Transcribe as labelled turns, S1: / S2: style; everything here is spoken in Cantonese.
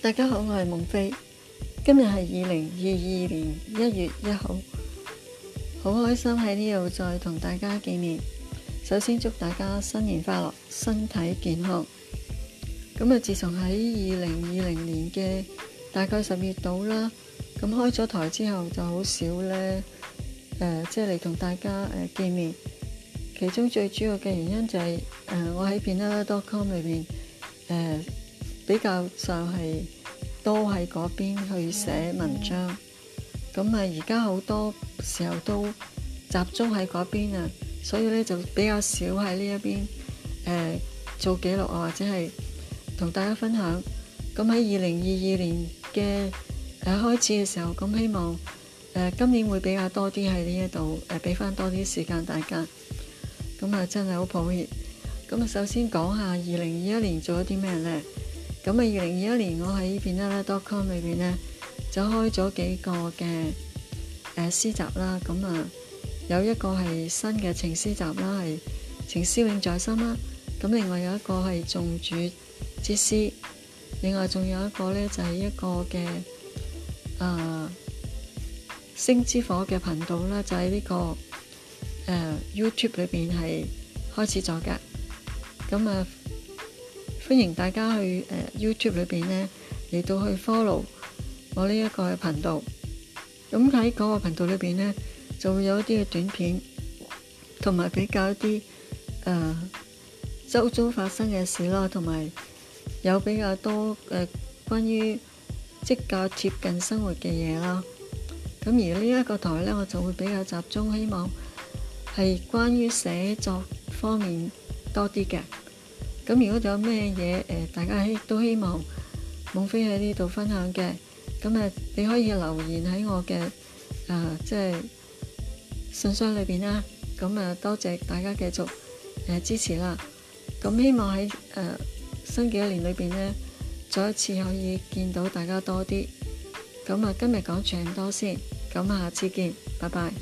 S1: 大家好，我係孟非，今日係一月一日，係二零二二年一月一號，好開心喺呢度再同大家見面。首先祝大家新年快樂，身體健康。咁自從喺二零二零年嘅大概十月度啦，咁開咗台之後就好少呢，誒、呃，即係嚟同大家誒、呃、見面。其中最主要嘅原因就係、呃、我喺片啦啦 dotcom 裏面。呃比較就係都喺嗰邊去寫文章，咁啊而家好多時候都集中喺嗰邊啊，所以咧就比較少喺呢一邊誒、呃、做記錄啊，或者係同大家分享。咁喺二零二二年嘅誒、呃、開始嘅時候，咁、呃、希望誒今年會比較多啲喺呢一度誒，俾、呃、翻多啲時間大家。咁啊，真係好抱歉。咁啊，首先講下二零二一年做咗啲咩咧？咁啊！二零二一年我喺呢邊，啦啦 .com 裏邊咧，就開咗幾個嘅誒詩集啦。咁啊，有一個係新嘅情詩集啦，係情詩永在心啦。咁另外有一個係眾主之詩，另外仲有一個咧就係一個嘅誒星之火嘅頻道啦，就喺呢個誒 YouTube 裏邊係開始咗噶。咁啊～歡迎大家去誒、呃、YouTube 裏邊咧嚟到去 follow 我呢一個頻道，咁喺嗰個頻道裏邊咧就會有一啲嘅短片，同埋比較一啲誒、呃、周遭發生嘅事啦，同埋有比較多誒、呃、關於即較貼近生活嘅嘢啦。咁而呢一個台咧，我就會比較集中，希望係關於寫作方面多啲嘅。咁如果仲有咩嘢誒，大家都希望夢飛喺呢度分享嘅，咁誒你可以留言喺我嘅誒即係信箱裏邊啦。咁誒多謝大家繼續誒支持啦。咁希望喺誒新嘅一年裏邊咧，再一次可以見到大家多啲。咁啊，今日講住咁多先。咁啊，下次見，拜拜。